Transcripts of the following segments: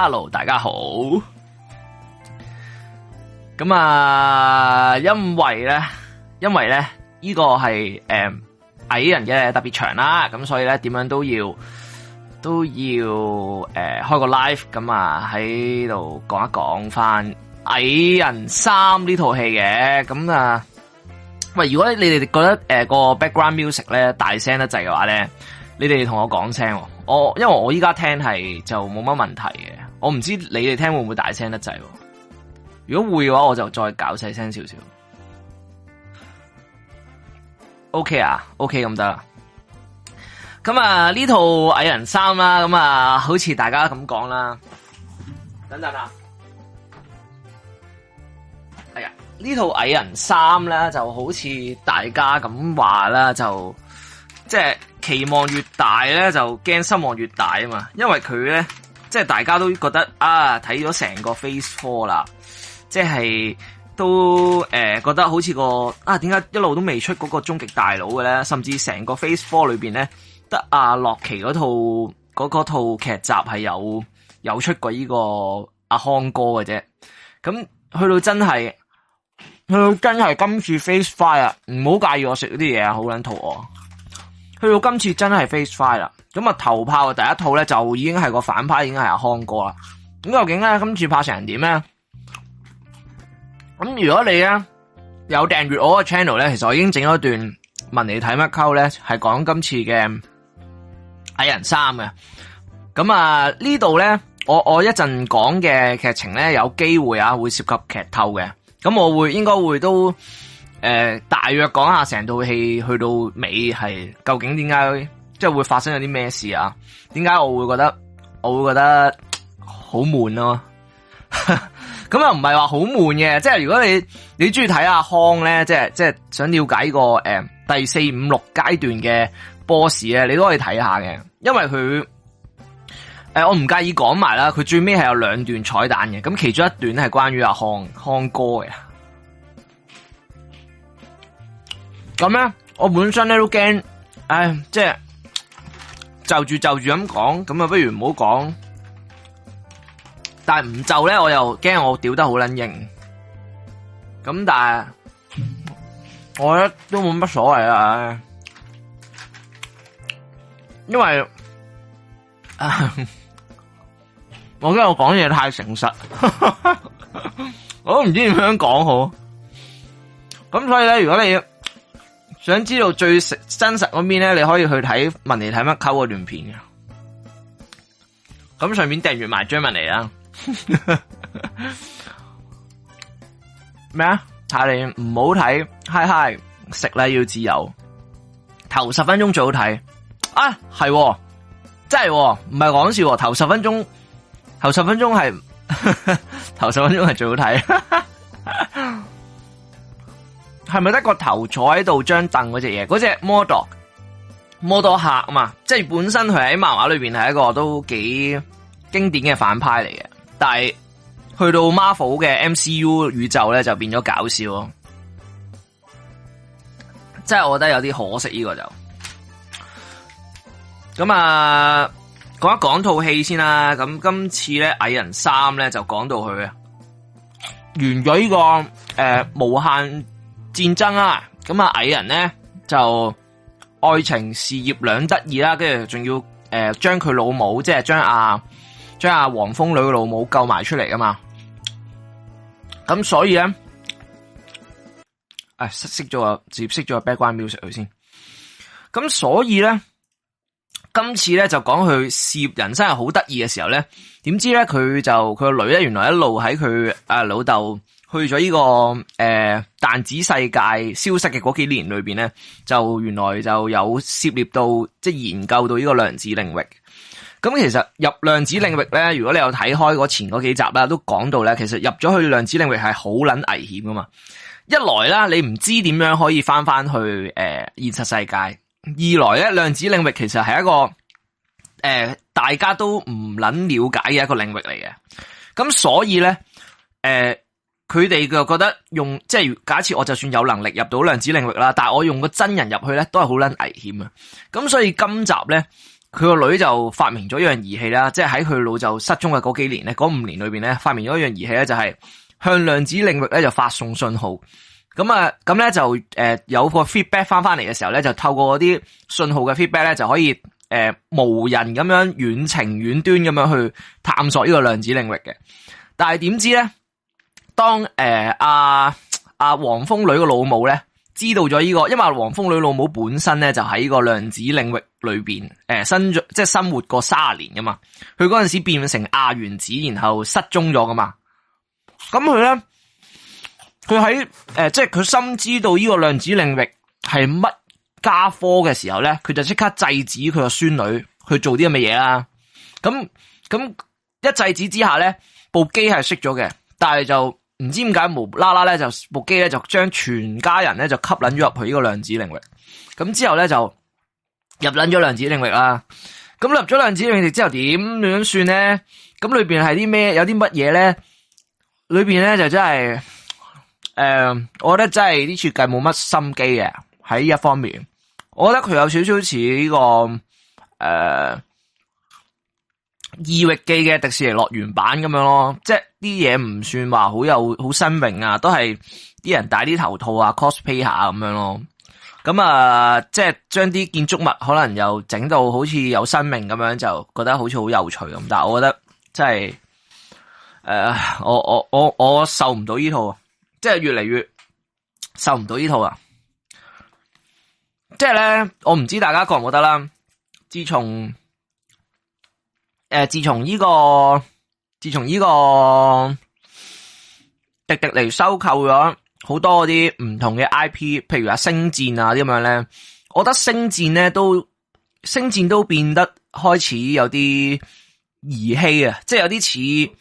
Hello，大家好。咁啊，因為咧，因為咧，呢、這個係誒、欸、蟻人嘅特別長啦。咁所以咧，點樣都要都要誒、欸、開個 live。咁啊，喺度講一講返蟻人三呢套戲嘅。咁啊，喂，如果你哋覺得誒、欸個 background music 咧大聲得滯嘅話咧，你哋同我講聲。我因為我依家聽係就冇乜問題嘅。我唔知你哋聽會唔會大聲得滯喎。如果會嘅話，我就再搞細聲少少。OK 啊，OK 咁得啦。咁啊，呢套蟻人3啦，咁啊，好似大家咁講啦。等等啦、啊，係、哎、呀呢套蟻人3咧，就好似大家咁話啦，就即、是、係期望越大咧，就驚失望越大啊嘛，因為佢咧。即係大家都覺得啊，睇咗成個 Phase Four 啦，即係都誒、呃、覺得好似個啊，點解一路都未出嗰個終極大佬嘅咧？甚至成個 Phase Four 裏邊咧，得阿洛奇嗰套嗰嗰套劇集係有有出過呢個阿康哥嘅啫。咁去到真係去到真係今次 Phase Five 啊！唔好介意我食嗰啲嘢啊，好撚肚餓。去到今次真係 Phase Five 啦。咁啊，頭炮嘅第一套咧，就已經係個反派，已經係阿康哥啦。咁究竟咧，今次拍成點咧？咁如果你啊有訂閱我個 channel 咧，其實我已經整咗段霍士睇乜 Cult 咧，係講今次嘅蟻人三嘅。咁啊，呢度咧，我我一陣講嘅劇情咧，有機會啊，會涉及劇透嘅。咁我會應該會都誒、呃，大約講下成套戲去到尾係究竟點解？即係會發生咗啲咩事啊？點解我會覺得我會覺得好悶咯？咁 又唔係話好悶嘅，即係如果你你中意睇阿康咧，即係即係想了解個誒第四五六階段嘅 boss 咧，你都可以睇下嘅。因為佢誒，我唔介意講埋啦。佢最尾係有兩段彩蛋嘅，咁其中一段咧係關於阿康康哥嘅。咁咧，我本身咧都驚，唉，即係。就住就住咁講，咁啊不如唔好講。但係唔就咧，我又驚我屌得好撚型。咁但係，我覺得都冇乜所謂啦。因為、啊、我因為我講嘢太誠實，呵呵我都唔知點樣講好。咁所以咧，如果你～想知道最食真實嗰邊咧，你可以去睇紋尼睇乜 Cult 嗰段片嘅。咁順便訂閱埋張紋尼啦。咩 啊？睇你唔好睇，嗨 嗨，食咧要自由。頭十分鐘最好睇。啊，係，真係，唔係講笑。頭十分鐘，頭十分鐘係 頭十分鐘係最好睇。係咪得個頭坐喺度張凳嗰隻嘢？嗰隻 MODOK MODOK 客啊嘛，即係本身佢喺漫畫裏邊係一個都幾經典嘅反派嚟嘅，但係去到 Marvel 嘅 MCU 宇宙咧就變咗搞笑咯，即係我覺得有啲可惜，呢個就咁啊！講一講套戲先啦，咁今次咧蟻人三咧就講到佢啊，完咗呢、這個誒、呃、無限。戰爭啊，咁啊蟻人咧就愛情事業兩得意啦，跟住仲要誒將佢老母，即係將阿將阿黃蜂女嘅老母救埋出嚟啊嘛，咁所以咧誒、哎、識咗個接識咗個 background music 佢先，咁所以咧今次咧就講佢事業人生係好得意嘅時候咧，點知咧佢就佢個女咧原來一路喺佢啊老豆，去咗呢、這個誒彈指世界消失嘅嗰幾年裏邊咧，就原來就有涉獵到即係研究到呢個量子領域。咁其實入量子領域咧，如果你有睇開嗰前嗰幾集啦，都講到咧，其實入咗去量子領域係好撚危險㗎嘛。一來啦，你唔知點樣可以返返去誒、呃、現實世界；二來咧，量子領域其實係一個誒、呃、大家都唔撚了解嘅一個領域嚟嘅。咁所以咧，誒、呃。佢哋就覺得用即係假設我就算有能力入到量子領域啦，但我用個真人入去咧都係好捻危險啊！咁所以今集咧，佢個女就發明咗一樣儀器啦，即係喺佢老豆失蹤嘅嗰幾年咧，嗰五年裏邊咧，發明咗一樣儀器咧，就係向量子領域咧就發送信號。咁啊，咁咧就誒有個 feedback 翻翻嚟嘅時候咧，就透過嗰啲信號嘅 feedback 咧，就可以誒、呃、無人咁樣遠程遠端咁樣去探索呢個量子領域嘅。但係點知咧？當誒阿阿黃蜂女個老母咧知道咗呢、這個，因為黃蜂女老母本身咧就喺呢個量子領域裏邊誒、呃、生咗，即係生活過三十年噶嘛。佢嗰陣時變成亞原子，然後失蹤咗噶嘛。咁佢咧，佢喺誒即係佢深知道呢個量子領域係乜家科嘅時候咧，佢就即刻制止佢個孫女去做啲咁嘅嘢啦。咁咁一制止之下咧，部機係熄咗嘅，但係就。唔知點解無啦啦咧就部機咧就將全家人咧就吸引咗入去呢個量子領域，咁之後咧就入嚟咗量子領域啦。咁入咗量，量子領域之後點樣算咧？咁裏邊係啲咩？有啲乜嘢咧？裏邊咧就真係，誒、呃，我覺得真係啲設計冇乜心機嘅喺呢一方面，我覺得佢有少少似呢個誒。呃《異域記》嘅迪士尼樂園版咁樣咯，即係啲嘢唔算話好有好新穎啊，都係啲人戴啲頭套啊，cosplay 下咁樣咯。咁啊，即係將啲建築物可能又整到好似有生命咁樣，就覺得好似好有趣咁。但係我覺得即係，誒、呃，我我我我受唔到呢套，啊，即係越嚟越受唔到呢套啊！即係咧，我唔知大家覺唔覺得啦，自從。誒、呃，自從呢、這個，自從呢、這個迪士尼收購咗好多嗰啲唔同嘅 IP，譬如話星戰啊啲咁樣咧，我覺得星戰咧都星戰都變得開始有啲兒戲啊，即係有啲似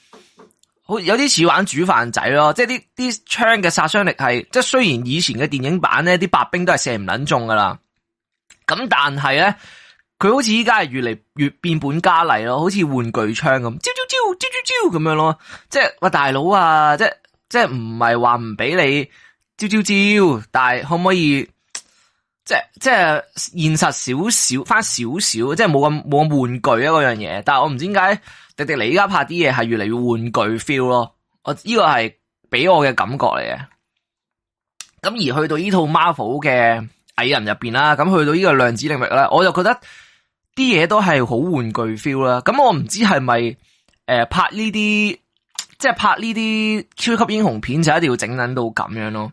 好有啲似玩煮飯仔咯，即係啲啲槍嘅殺傷力係即係雖然以前嘅電影版咧啲白兵都係射唔撚中噶啦，咁但係咧。佢好似依家係越嚟越變本加厲咯，好似玩具槍咁，招招招，招招招咁樣咯。即係話大佬啊，即係即係唔係話唔俾你招招招，但係可唔可以即係即係現實少少，翻少少，即係冇咁冇玩具嗰樣嘢。但係我唔知點解迪迪嚟依家拍啲嘢係越嚟越玩具 feel 咯。我呢個係俾我嘅感覺嚟嘅。咁、這個、而去到呢套 Marvel 嘅蟻人入邊啦，咁去到呢個量子領域咧，我就覺得。啲嘢都係好玩具 feel 啦，咁我唔知係咪誒拍呢啲即係拍呢啲超級英雄片就一定要整捻到咁樣咯？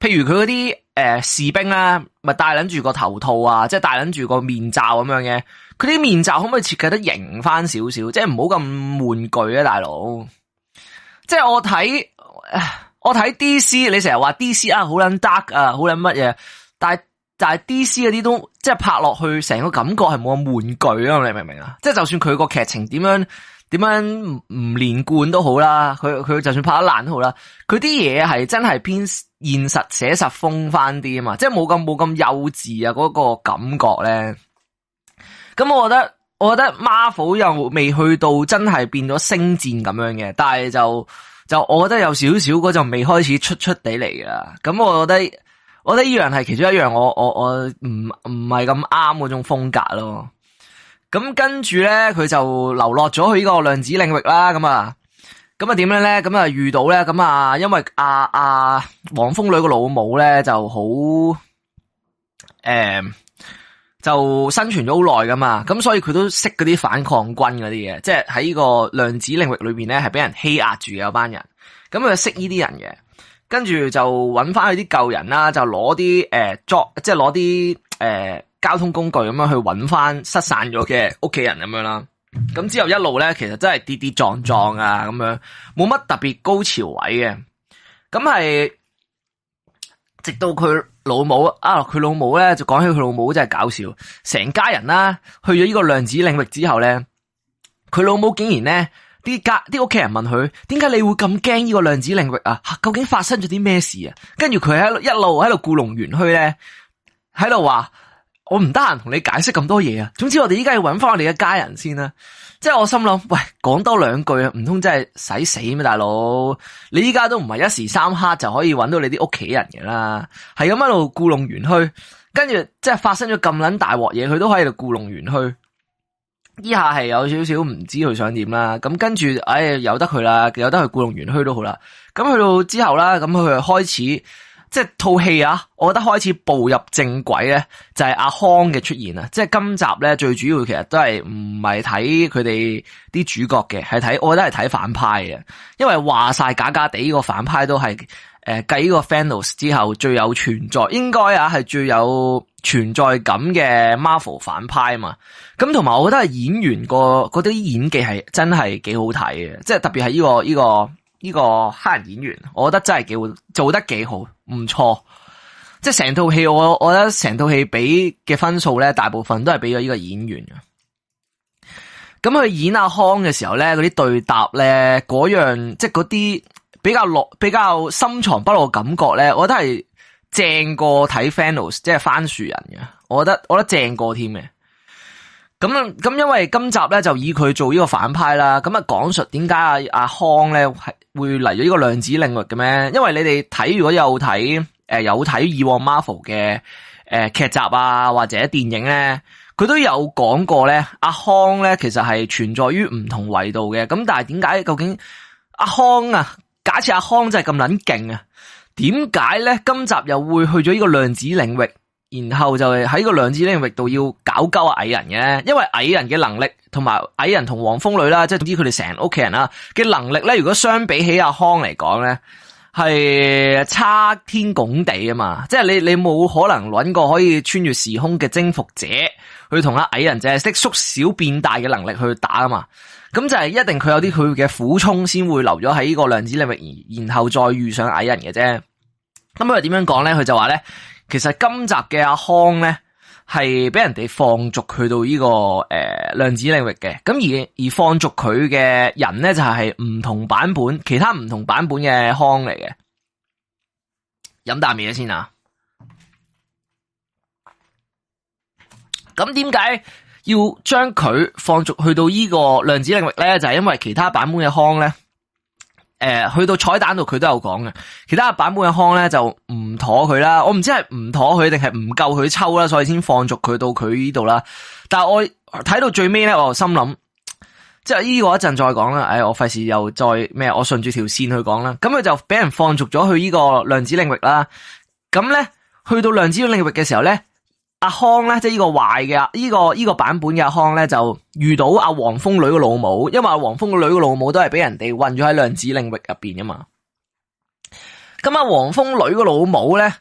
譬如佢嗰啲誒士兵咧、啊，咪戴捻住個頭套啊，即係戴捻住個面罩咁樣嘅，佢啲面罩可唔可以設計得型翻少少？即係唔好咁玩具啊，大佬！即係我睇我睇 DC，你成日話 DC 啊好捻 dark 啊，好捻乜嘢，但係。就係 D.C 嗰啲都即係拍落去成個感覺係冇咁玩具啊，你明唔明啊？即係就算佢個劇情點樣點樣唔連貫都好啦，佢佢就算拍得爛都好啦，佢啲嘢係真係偏現實寫實風翻啲啊嘛，即係冇咁冇咁幼稚啊嗰個感覺咧。咁我覺得我覺得 Marvel 又未去到真係變咗星戰咁樣嘅，但係就就我覺得有少少嗰就未開始出出地嚟啊。咁我覺得。我覺得依樣係其中一樣，我我我唔唔係咁啱嗰種風格咯。咁跟住咧，佢就流落咗去呢個量子領域啦。咁啊，咁啊點樣咧？咁啊遇到咧，咁啊因為阿阿黃蜂女個老母咧就好，誒、啊、就生存咗好耐噶嘛。咁所以佢都識嗰啲反抗軍嗰啲嘢，即係喺呢個量子領域裏邊咧係俾人欺壓住嘅有班人。咁佢識呢啲人嘅。跟住就揾翻佢啲舊人啦，就攞啲誒作，即係攞啲誒交通工具咁樣去揾翻失散咗嘅屋企人咁樣啦。咁之後一路咧，其實真係跌跌撞撞啊，咁樣冇乜特別高潮位嘅。咁係直到佢老母啊，佢老母咧就講起佢老母真係搞笑，成家人啦去咗呢個量子領域之後咧，佢老母竟然咧。啲家啲屋企人問佢點解你會咁驚呢個量子領域啊？啊究竟發生咗啲咩事啊？跟住佢喺一路喺度故弄玄虛咧，喺度話我唔得閒同你解釋咁多嘢啊！總之我哋依家要搵翻我哋嘅家人先啦，啊。即係我心諗，喂，講多兩句啊，唔通真係使死咩？大佬，你依家都唔係一時三刻就可以搵到你啲屋企人嘅啦，係咁一路故弄玄虛，跟住即係發生咗咁撚大鑊嘢，佢都喺度故弄玄虛。依下係有少少唔知佢想點啦，咁跟住，哎，由得佢啦，由得佢故弄玄虛都好啦。咁去到之後啦，咁佢就開始即係套戲啊，我覺得開始步入正軌咧，就係阿康嘅出現啊！即係今集咧，最主要其實都係唔係睇佢哋啲主角嘅，係睇，我覺得係睇反派嘅，因為話晒假假地，呢個反派都係誒繼呢個 Thanos 之後最有存在應該啊係最有存在感嘅 Marvel 反派啊嘛。咁同埋，我覺得係演員個嗰啲演技係真係幾好睇嘅，即係特別係呢個呢個呢個黑人演員，我覺得真係幾好，做得幾好，唔錯。即係成套戲，我我覺得成套戲俾嘅分數咧，大部分都係俾咗呢個演員。咁佢演阿康嘅時候咧，嗰啲對答咧，嗰樣即係嗰啲比較落比較深藏不露嘅感覺咧，我覺得係正過睇 Thanos 即係番薯人嘅，我覺得我覺得正過添嘅。咁咁因為今集咧就以佢做呢個反派啦，咁啊講述點解阿阿康咧係會嚟咗呢個量子領域嘅咩？因為你哋睇如果有睇誒、呃、有睇以往 Marvel 嘅誒劇集啊或者電影咧，佢都有講過咧，阿康咧其實係存在於唔同維度嘅。咁但係點解究竟阿康啊？假設阿康真係咁捻勁啊，點解咧今集又會去咗呢個量子領域？然後就係喺個量子領域度要搞鳩蟻人嘅，因為蟻人嘅能力同埋蟻人同黃蜂女啦，即係總之佢哋成屋企人啦嘅能力咧，如果相比起阿康嚟講咧，係差天拱地啊嘛！即係你你冇可能揾個可以穿越時空嘅征服者去同阿蟻人，淨係識縮小變大嘅能力去打啊嘛！咁就係一定佢有啲佢嘅苦衷，先會留咗喺呢個量子領域，然後再遇上蟻人嘅啫。咁佢點樣講咧？佢就話咧。其實今集嘅阿康咧，係俾人哋放逐去到呢、這個誒、呃、量子領域嘅，咁而而放逐佢嘅人咧就係、是、唔同版本，其他唔同版本嘅康嚟嘅。飲啖嘢先啊！咁點解要將佢放逐去到呢個量子領域咧？就係、是、因為其他版本嘅康咧。誒、呃，去到彩蛋度佢都有講嘅，其他版本嘅康咧就唔妥佢啦，我唔知係唔妥佢定係唔夠佢抽啦，所以先放逐佢到佢呢度啦。但係我睇到最尾咧，我就心諗，即係呢個一陣再講啦。唉、哎，我費事又再咩，我順住條線去講啦。咁佢就俾人放逐咗去呢個量子領域啦。咁咧，去到量子領域嘅時候咧，阿康咧，即係呢個壞嘅，呢個呢個版本嘅阿康咧，就遇到阿黃蜂女嘅老母，因為阿黃蜂女嘅老母都係俾人哋困咗喺量子領域入邊噶嘛。咁阿黃蜂女嘅老母咧，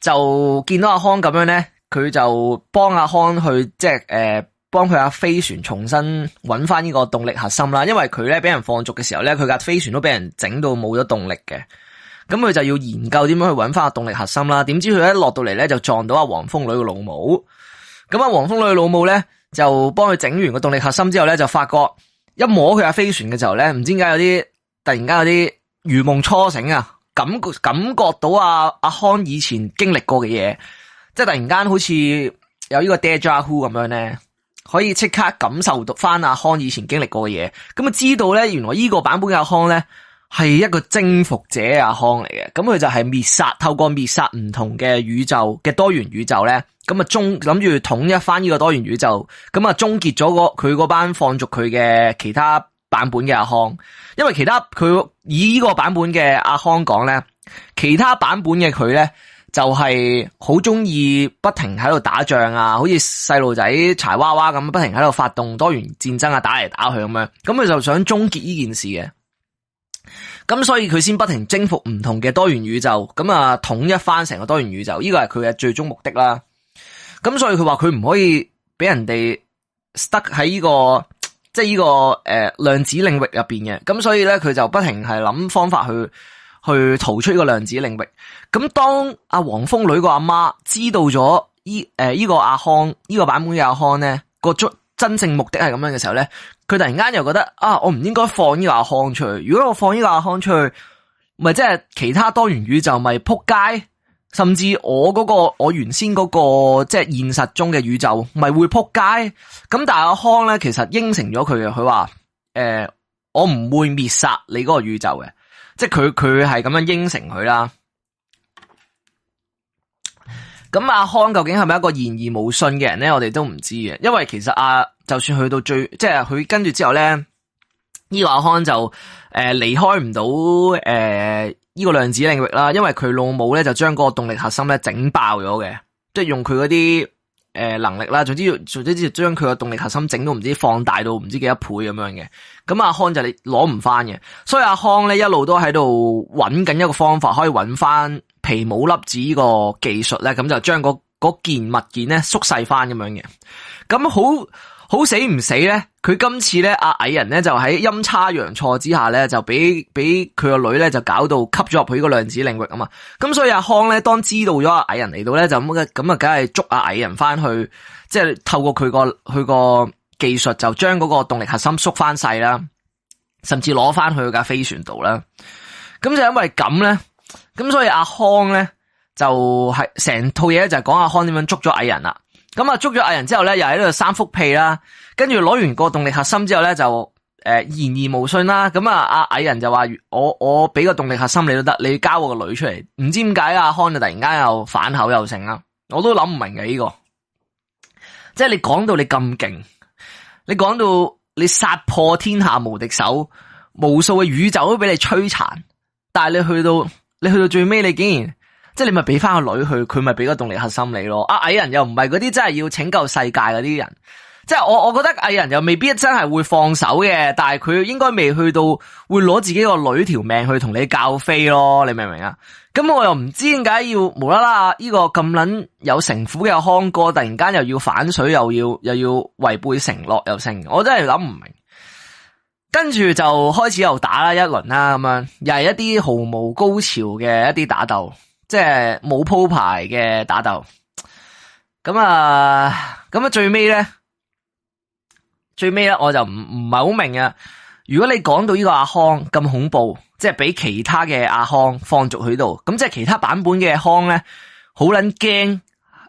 就見到阿康咁樣咧，佢就幫阿康去即係誒，幫佢架飛船重新揾翻呢個動力核心啦。因為佢咧俾人放逐嘅時候咧，佢架飛船都俾人整到冇咗動力嘅。咁佢就要研究點樣去揾翻個動力核心啦。點知佢一落到嚟咧，就撞到阿黃蜂女個老母。咁阿黃蜂女個老母咧，就幫佢整完個動力核心之後咧，就發覺一摸佢阿飛船嘅時候咧，唔知點解有啲突然間有啲如夢初醒啊，感覺感覺到阿阿康以前經歷過嘅嘢，即係突然間好似有呢個 deja vu 咁樣咧，可以即刻感受到翻阿康以前經歷過嘅嘢。咁啊，知道咧，原來呢個版本嘅阿康咧。係一個征服者的阿康嚟嘅，咁佢就係滅殺，透過滅殺唔同嘅宇宙嘅多元宇宙咧，咁啊終諗住統一翻呢個多元宇宙，咁啊終結咗佢嗰班放逐佢嘅其他版本嘅阿康，因為其他佢以呢個版本嘅阿康講咧，其他版本嘅佢咧就係好中意不停喺度打仗啊，好似細路仔柴娃娃咁，不停喺度發動多元戰爭啊，打嚟打去咁樣，咁佢就想終結呢件事嘅。咁所以佢先不停征服唔同嘅多元宇宙，咁啊統一翻成個多元宇宙，呢個係佢嘅最終目的啦。咁所以佢話佢唔可以俾人哋 stuck 喺呢個，即係、這、呢個誒、呃、量子領域入邊嘅。咁所以咧，佢就不停係諗方法去去逃出呢個量子領域。咁當阿、啊、黃蜂女個阿媽知道咗呢誒呢個阿康呢、這個版本嘅阿康咧，個真正目的係咁樣嘅時候咧，佢突然間又覺得啊，我唔應該放呢個阿康出去。如果我放呢個阿康出去，咪即係其他多元宇宙咪撲街，甚至我嗰個我原先嗰個即係現實中嘅宇宙咪會撲街。咁但係阿康咧，其實應承咗佢嘅。佢話誒，我唔會滅殺你嗰個宇宙嘅，即係佢佢係咁樣應承佢啦。咁阿康究竟係咪一個言而無信嘅人咧？我哋都唔知嘅，因為其實阿、啊、就算去到最，即係佢跟住之後咧，這個阿康就誒離、呃、開唔到誒呢個量子領域啦，因為佢老母咧就將嗰個動力核心咧整爆咗嘅，即係用佢嗰啲誒能力啦，總之總之將佢個動力核心整到唔知放大到唔知幾多倍咁樣嘅，咁阿康就你攞唔翻嘅，所以阿康咧一路都喺度揾緊一個方法可以揾翻。皮姆粒子呢個技術咧，咁就將嗰件物件咧縮細翻咁樣嘅，咁好好死唔死咧？佢今次咧阿蟻人咧就喺陰差陽錯之下咧，就俾俾佢個女咧就搞到吸咗入去呢個量子領域啊嘛，咁所以阿康咧當知道咗阿蟻人嚟到咧就咁嘅，啊梗係捉阿蟻人翻去，即係透過佢個佢個技術就將嗰個動力核心縮翻細啦，甚至攞翻去佢架飛船度啦，咁就因為咁咧。咁所以阿康咧就係、是、成套嘢，就講阿康點樣捉咗蟻人啦，咁啊捉咗蟻人之後咧又喺度三幅屁啦，跟住攞完個動力核心之後咧就誒、呃、言而無信啦，咁啊阿蟻人就話，我我俾個動力核心你都得，你要交我個女出嚟，唔知點解阿康就突然間又反口又成啦，我都諗唔明嘅呢個，即係你講到你咁勁，你講到你殺破天下無敵手，無數嘅宇宙都俾你摧殘，但係你去到。你去到最尾，你竟然即係你咪俾翻個女去，佢咪俾個動力核心你咯！啊，蟻人又唔係嗰啲真係要拯救世界嗰啲人，即係我我覺得蟻人又未必真係會放手嘅，但係佢應該未去到會攞自己個女條命去同你教飛咯，你明唔明啊？咁我又唔知點解要無啦啦呢個咁捻有城府嘅康哥，突然間又要反水，又要又要違背承諾，又成，我真係諗唔明。跟住就開始又打啦一輪啦咁樣，又係一啲毫無高潮嘅一啲打鬥，即係冇鋪排嘅打鬥。咁啊，咁啊最尾咧，最尾咧我就唔唔係好明啊。如果你講到呢個阿康咁恐怖，即係俾其他嘅阿康放逐喺度，咁即係其他版本嘅康咧，好撚驚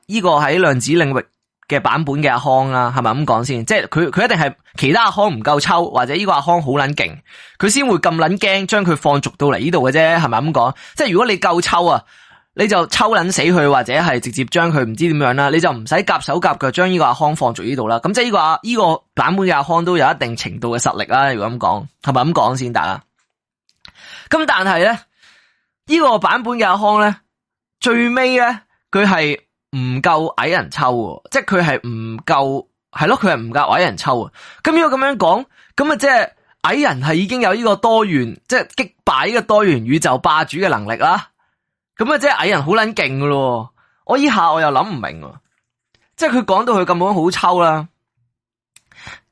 呢個喺量子領域嘅版本嘅阿康啦，係咪咁講先？即係佢佢一定係其他阿康唔夠抽，或者呢個阿康好撚勁，佢先會咁撚驚將佢放逐到嚟呢度嘅啫，係咪咁講？即係如果你夠抽啊，你就抽撚死佢，或者係直接將佢唔知點樣啦，你就唔使夾手夾腳將呢個阿康放逐呢度啦。咁即係呢個呢、呢個版本嘅阿康都有一定程度嘅實力啦。如果咁講，係咪咁講先得？係，咁但係咧呢個版本嘅阿康咧最尾咧佢係。唔夠矮人抽喎，即係佢係唔夠，係咯，佢係唔夠矮人抽啊！咁如果咁樣講，咁啊，即係矮人係已經有呢個多元，即係擊敗呢個多元宇宙霸主嘅能力啦。咁啊，即係矮人好撚勁噶咯！我以下我又諗唔明，即係佢講到佢咁樣好抽啦。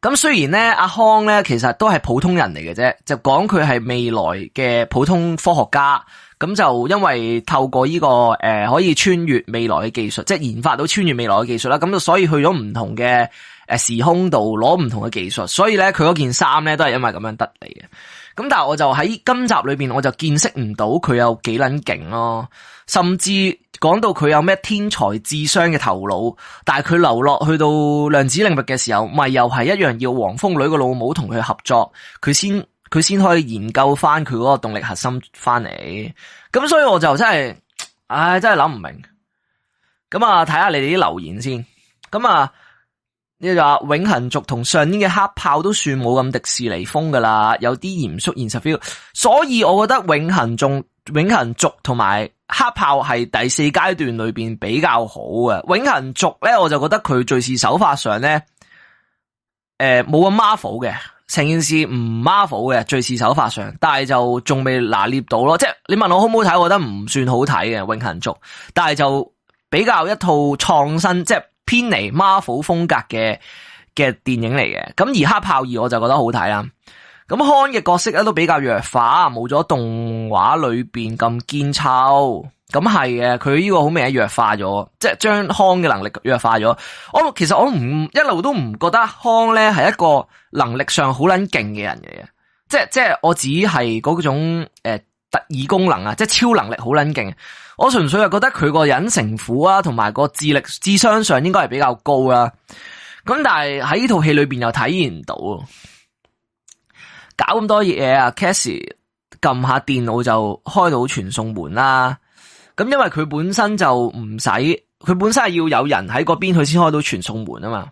咁雖然咧，阿康咧其實都係普通人嚟嘅啫，就講佢係未來嘅普通科學家。咁就因為透過呢個誒、呃、可以穿越未來嘅技術，即係研發到穿越未來嘅技術啦。咁就所以去咗唔同嘅誒時空度攞唔同嘅技術，所以咧佢嗰件衫咧都係因為咁樣得嚟嘅。咁但係我就喺今集裏邊，我就見識唔到佢有幾撚勁咯。甚至講到佢有咩天才智商嘅頭腦，但係佢流落去到量子領域嘅時候，咪又係一樣要黃蜂女個老母同佢合作，佢先。佢先可以研究翻佢嗰個動力核心翻嚟，咁所以我就真係，唉，真係諗唔明白。咁啊，睇下你哋啲留言先。咁啊，呢話永恆族同上年嘅黑豹都算冇咁迪士尼風噶啦，有啲嚴肅現實 feel。所以我覺得永恆眾、永恆族同埋黑豹係第四階段裏邊比較好嘅。永恆族咧，我就覺得佢敘事手法上咧，誒、呃，冇咁 Marvel 嘅。成件事唔 Marvel 嘅，敘事手法上，但係就仲未拿捏到咯。即係你問我好唔好睇，我覺得唔算好睇嘅《永恆族》，但係就比較一套創新，即係偏離 Marvel 風格嘅嘅電影嚟嘅。咁而黑豹二我就覺得好睇啦。咁康嘅角色咧都比較弱化，冇咗動畫裏邊咁堅醜。咁係嘅，佢呢個好明顯弱化咗，即係將康嘅能力弱化咗。我其實我唔一路都唔覺得康咧係一個能力上好捻勁嘅人嚟嘅，即係即係我只係嗰種誒、欸、特異功能啊，即係超能力好捻勁。我純粹係覺得佢個人城府啊，同埋個智力智商上應該係比較高啊。咁但係喺呢套戲裏邊又體現唔到，搞咁多嘢啊，Cassie 撳下電腦就開到傳送門啦、啊。咁因為佢本身就唔使，佢本身係要有人喺嗰邊，佢先開到傳送門啊嘛。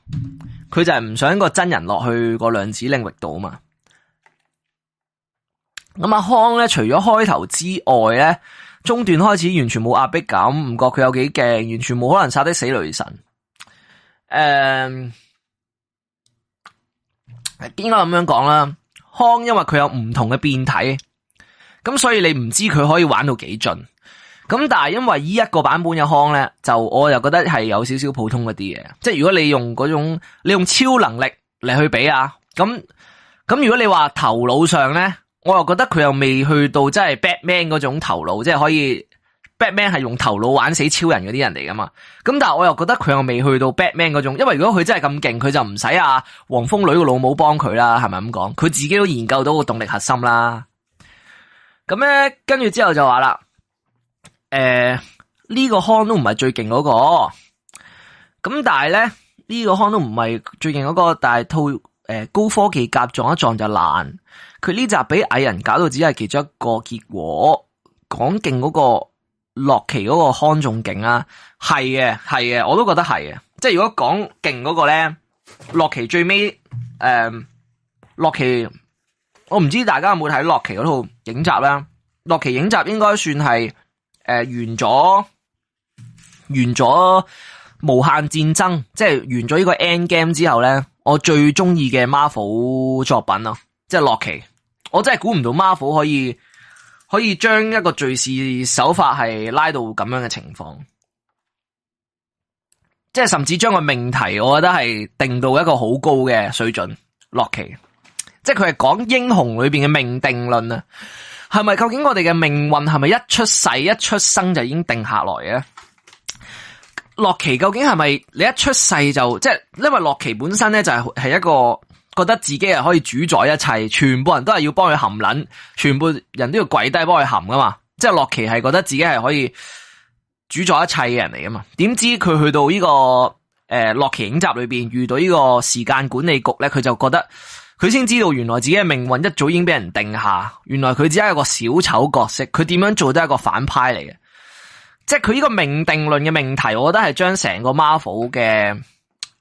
佢就係唔想個真人落去個量子領域度啊嘛。咁、啊、阿康咧，除咗開頭之外咧，中段開始完全冇壓迫感，唔覺佢有幾勁，完全冇可能殺得死雷神。誒、uh,，應該咁樣講啦。康因為佢有唔同嘅變體，咁所以你唔知佢可以玩到幾盡。咁但係因為依一個版本嘅康咧，就我又覺得係有少少普通嗰啲嘢。即係如果你用嗰種你用超能力嚟去比啊，咁咁如果你話頭腦上咧，我又覺得佢又未去到即係 Batman 嗰種頭腦，即係可以 Batman 係用頭腦玩死超人嗰啲人嚟噶嘛，咁但係我又覺得佢又未去到 Batman 嗰種，因為如果佢真係咁勁，佢就唔使啊黃蜂女個老母幫佢啦，係咪咁講？佢自己都研究到個動力核心啦，咁咧跟住之後就話啦。誒、呃，呢、這個康都唔係最勁嗰個，咁但係咧呢個康都唔係最勁嗰個，但係套誒高科技甲撞一撞就爛，佢呢集俾蟻人搞到只係其中一個結果。講勁嗰個洛奇嗰個康仲勁啊，係嘅係嘅，我都覺得係嘅。即係如果講勁嗰個咧，洛奇最尾誒、洛、呃、奇，我唔知大家有冇睇洛奇嗰套影集啦。洛奇影集應該算係。誒、呃，完咗，完咗無限戰爭，即係完咗呢個 Endgame 之後咧，我最中意嘅 Marvel 作品咯，即係洛奇，我真係估唔到 Marvel 可以可以將一個敘事手法係拉到咁樣嘅情況，即係甚至將個命題，我覺得係定到一個好高嘅水準。洛奇，即係佢係講英雄裏邊嘅命定論啊！係咪究竟我哋嘅命運係咪一出世一出生就已經定下來嘅？洛奇究竟係咪你一出世就即係，因為洛奇本身咧就係係一個覺得自己係可以主宰一切，全部人都係要幫佢含撚，全部人都要跪低幫佢含噶嘛？即係洛奇係覺得自己係可以主宰一切嘅人嚟噶嘛？點知佢去到呢個誒洛奇影集裏邊遇到呢個時間管理局咧，佢就覺得。佢先知道原來自己嘅命運一早已經俾人定下，原來佢只係一個小丑角色，佢點樣做都係一個反派嚟嘅。即係佢呢個命定論嘅命題，我覺得係將成個 Marvel 嘅誒、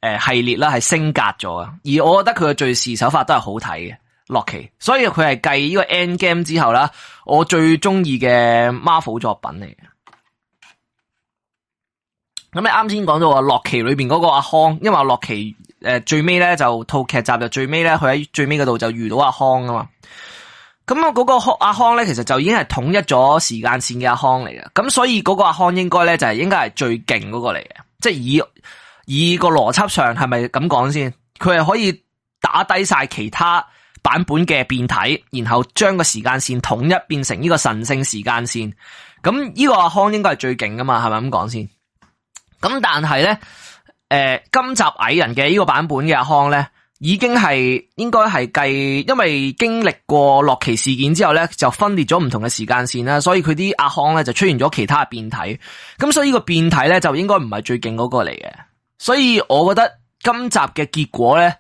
呃、系列啦係升格咗啊。而我覺得佢嘅敘事手法都係好睇嘅。洛奇，所以佢係繼呢個 Endgame 之後啦，我最中意嘅 Marvel 作品嚟嘅。咁你啱先講到話洛奇裏邊嗰個阿康，因為洛奇。誒，最尾咧就套劇集就最尾咧，佢喺最尾嗰度就遇到阿康啊嘛。咁啊，嗰個阿康咧，其實就已經係統一咗時間線嘅阿康嚟嘅。咁所以嗰個阿康應該咧就係應該係最勁嗰個嚟嘅。即係以以個邏輯上係咪咁講先？佢係可以打低晒其他版本嘅變體，然後將個時間線統一變成呢個神聖時間線。咁呢個阿康應該係最勁噶嘛？係咪咁講先？咁但係咧？誒、呃，今集蟻人嘅呢個版本嘅阿康咧，已經係應該係計，因為經歷過洛基事件之後咧，就分裂咗唔同嘅時間線啦，所以佢啲阿康咧就出現咗其他嘅變體，咁所以呢個變體咧就應該唔係最勁嗰個嚟嘅，所以我覺得今集嘅結果咧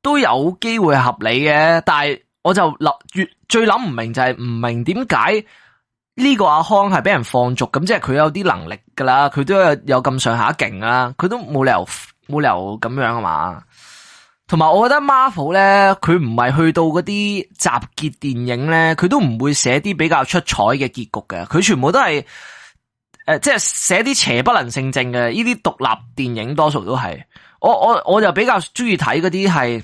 都有機會合理嘅，但係我就諗越最諗唔明白就係唔明點解。呢、這個阿康係俾人放逐，咁即係佢有啲能力噶啦，佢都有有咁上下勁啦，佢都冇理由冇理由咁樣啊嘛。同埋我覺得 Marvel 咧，佢唔係去到嗰啲集結電影咧，佢都唔會寫啲比較出彩嘅結局嘅，佢全部都係誒、呃，即係寫啲邪不能勝正嘅，呢啲獨立電影多數都係。我我我就比較中意睇嗰啲係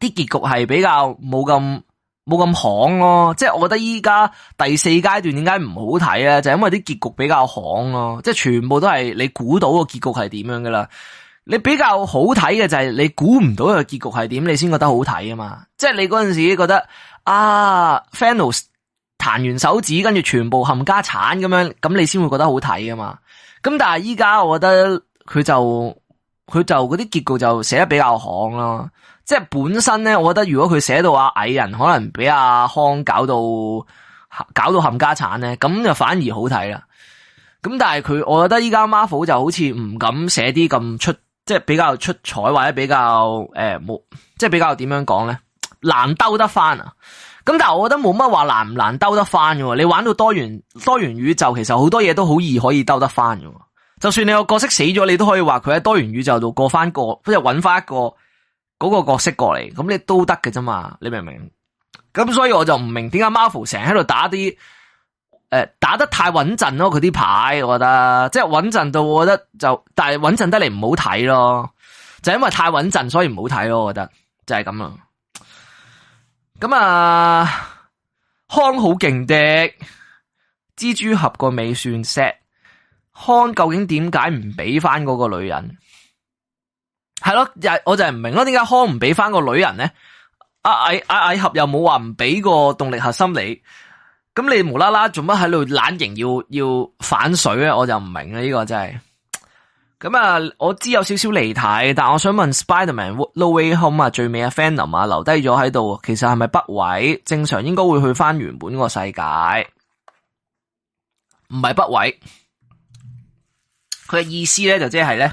啲結局係比較冇咁冇咁行咯，即係我覺得依家第四階段點解唔好睇咧？就係，因為啲結局比較行咯、啊，即係全部都係你估到個結局係點樣噶啦。你比較好睇嘅就係你估唔到個結局係點，你先覺得好睇啊嘛。即係你嗰陣時覺得啊 Thanos 彈完手指，跟住全部冚家鏟咁樣，咁你先會覺得好睇啊嘛。咁但係依家我覺得佢就佢就嗰啲結局就寫得比較行咯、啊。即係本身咧，我覺得如果佢寫到阿蟻人可能俾阿康搞到搞到冚家產咧，咁就反而好睇啦。咁但係佢，我覺得依家 Marvel 就好似唔敢寫啲咁出，即係比較出彩或者比較誒冇、欸，即係比較點樣講咧難兜得翻啊。咁但係我覺得冇乜話難唔難兜得翻嘅。你玩到多元多元宇宙，其實好多嘢都好易可以兜得翻嘅。就算你個角色死咗，你都可以話佢喺多元宇宙度過翻個，即係搵翻一個。嗰、那個角色過嚟，咁你都得嘅啫嘛，你明唔明？咁所以我就唔明點解 Marvel 成日喺度打啲，誒、呃、打得太穩陣咯，佢啲牌我覺得，即係穩陣到我覺得就，但係穩陣得嚟唔好睇咯，就因為太穩陣，所以唔好睇咯，我覺得就係咁啦。咁啊，康好勁的，蜘蛛俠個尾算 set，康究竟點解唔俾翻嗰個女人？係咯，我就係唔明咯，點解康唔俾翻個女人咧？阿矮阿矮俠又冇話唔俾個動力核心你，咁你無啦啦做乜喺度懶型要要反水咧？我就唔明啦，呢個真係。咁啊，我知有少少離題，但我想問 Spiderman，No Way Home 啊，最尾啊 Venom 啊留低咗喺度，其實係咪不位？正常應該會去翻原本個世界，唔係不位。佢嘅意思咧就即係咧。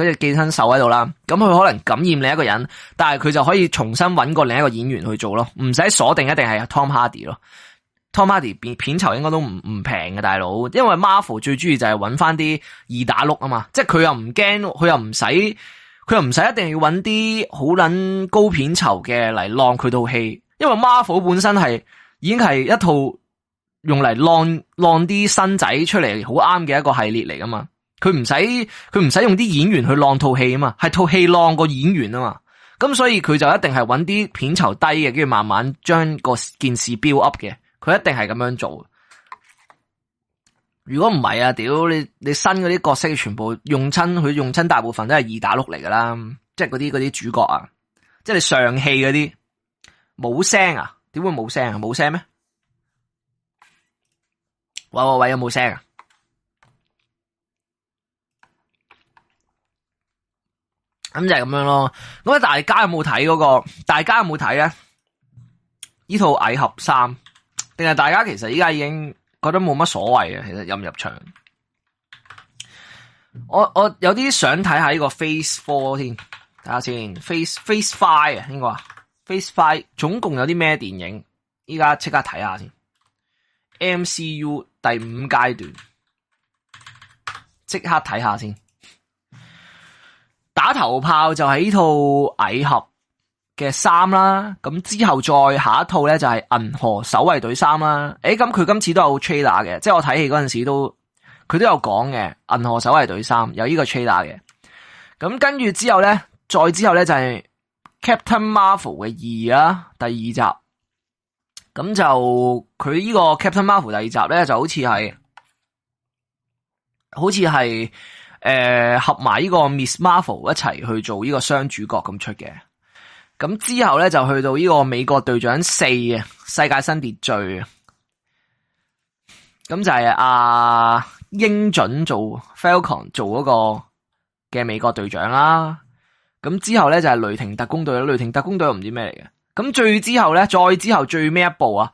嗰隻寄生獸喺度啦，咁佢可能感染另一個人，但係佢就可以重新揾過另一個演員去做咯，唔使鎖定一定係 Tom Hardy 咯。Tom Hardy 片片酬應該都唔唔平嘅大佬，因為 Marvel 最中意就係揾翻啲二打六啊嘛，即係佢又唔驚，佢又唔使，佢又唔使一定要揾啲好撚高片酬嘅嚟浪佢套戲，因為 Marvel 本身係已經係一套用嚟浪浪啲新仔出嚟好啱嘅一個系列嚟噶嘛。佢唔使佢唔使用啲演員去浪套戲啊嘛，係套戲浪個演員啊嘛，咁所以佢就一定係揾啲片酬低嘅，跟住慢慢將個件事 build up 嘅，佢一定係咁樣做的。如果唔係啊，屌你你新嗰啲角色全部用親，佢用親大部分都係二打六嚟噶啦，即係嗰啲嗰啲主角啊，即係你上戲嗰啲冇聲啊？點會冇聲啊？冇聲咩？喂喂喂，有冇聲啊？咁就係咁樣咯。咁大家有冇睇嗰個？大家有冇睇呢？呢套《蟻俠三》，定係大家其實依家已經覺得冇乜所謂嘅？其實入唔入場？嗯、我我有啲想睇下呢個《Phase Four》先。睇下先。《Phase Phase Five》啊，邊個 Phase Five》5，總共有啲咩電影？依家即刻睇下先。M C U 第五階段，即刻睇下先。打頭炮就係呢套蟻俠嘅三啦，咁之後再下一套咧，就係銀河守衛隊三啦。誒，咁佢今次都有 trailer 嘅，即係我睇戲嗰陣時都佢都有講嘅銀河守衛隊三有呢個 trailer 嘅。咁跟住之後咧，再之後咧就係 Captain Marvel 嘅二啦。第二集。咁就佢呢個 Captain Marvel 第二集咧，就好似係，好似係。誒、呃，合埋呢個 Miss Marvel 一齊去做呢個雙主角咁出嘅，咁之後咧就去到呢個美國隊長四啊，世界新秩序啊，咁就係阿鷹隼做 Falcon 做嗰個嘅美國隊長啦，咁之後咧就係、是、雷霆特工隊，雷霆特工隊唔知咩嚟嘅。咁最之後咧，再之後最尾一步啊，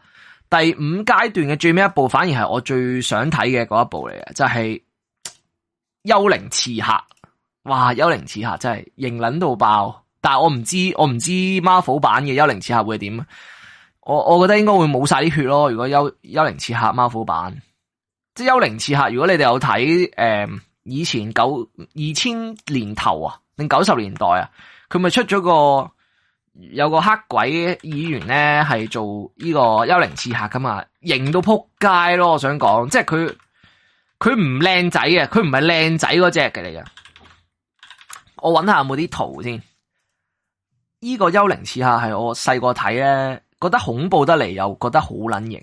第五階段嘅最尾一,一步，反而係我最想睇嘅嗰一部嚟嘅，就係、是。幽靈刺客，哇！幽靈刺客真係型捻到爆，但我唔知我唔知貓虎版嘅幽靈刺客會點，我我覺得應該會冇晒啲血咯。如果幽幽靈刺客貓虎版，即係幽靈刺客。如果你哋有睇誒、嗯，以前九二千年頭啊，定九十年代啊，佢咪出咗個有個黑鬼議員咧，係做呢個幽靈刺客噶嘛，型到扑街咯！我想講，即係佢。佢唔靚仔嘅，佢唔係靚仔嗰隻嚟嘅。我搵下有冇啲圖先。呢個幽靈刺客係我細個睇咧，覺得恐怖得嚟，又覺得好撚型。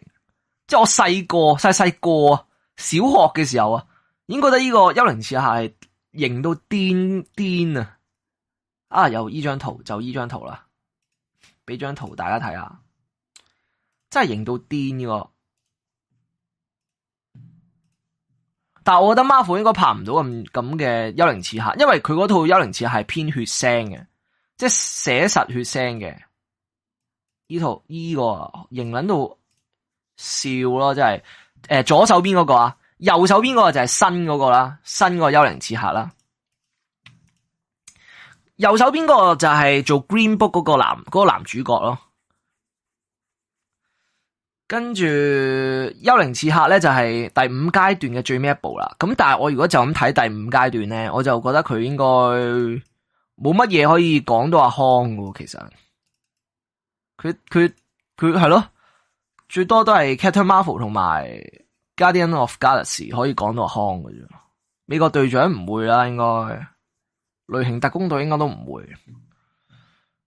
即係我細個、細細個、小學嘅時候啊，已經覺得呢個幽靈刺客係型到癲癲啊！啊，有呢張圖就呢張圖啦，俾張圖大家睇下，真係型到癲個但係我覺得 Marvel 應該拍唔到咁咁嘅幽靈刺客，因為佢嗰套幽靈刺客係偏血腥嘅，即係寫實血腥嘅。呢套呢、呃呢個型捻到笑咯，即係誒左手邊嗰個啊，右手邊嗰個就係新嗰個啦，新個幽靈刺客啦。右手邊個就係做 Green Book 嗰個男、嗰個男主角咯。跟住幽靈刺客咧就係第五階段嘅最尾一步啦，咁但係我如果就咁睇第五階段咧，我就覺得佢應該冇乜嘢可以講到阿康嘅，其實佢佢佢係咯，最多都係 Captain Marvel 同埋 Guardian of Galaxy 可以講到阿康嘅啫，美國隊長唔會啦，應該雷霆特工隊應該都唔會，